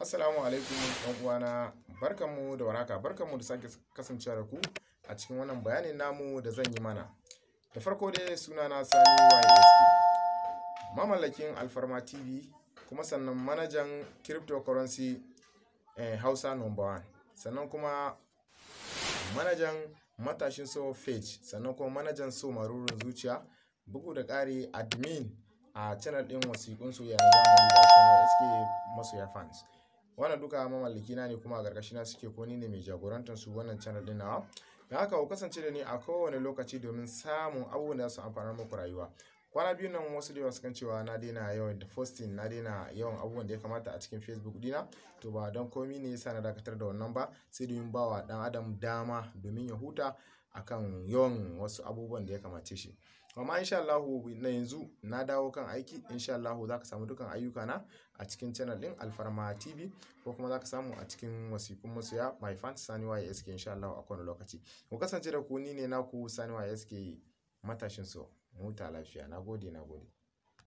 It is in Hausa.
Assalamu alaikum ɗan uwana barkanmu da waraka barkanmu da sake kasancewa da ku a cikin wannan bayanin namu da zan yi mana. Da farko dai na Sani YSP mamallakin Alfarma TV kuma sannan manajan cryptocurrency eh, Hausa number one sannan kuma manajan matashin so page sannan kuma manajan so marurin zuciya bugu da ƙari admin a channel ɗin wasiƙun soyayya na zamani da kuma SK masoya fans. wannan duka mamallaki na ne kuma a ƙarƙashi na suke ko ne mai jagorantar su wannan channel din nawa da haka ku kasance da ni a kowane lokaci domin samun abubuwan da za su amfanar muku rayuwa kwana biyu nan wasu da yawa cewa na daina yawan posting na daina yawan abubuwan da ya kamata a cikin facebook dina to ba don komi ne yasa na dakatar da wannan ba sai domin ba wa dan adam dama domin ya huta akan yawan wasu abubuwan da ya kamace shi amma insha Allah na yanzu na dawo kan aiki insha Allah zaka samu dukan ayyukana a cikin channel din Alfarma TV ko kuma zaka samu a cikin wasikun masoya My fans Sani YSK insha Allah a kowane lokaci ku kasance da ku ni ne naku Sani YSK matashin so muta lafiya nagode nagode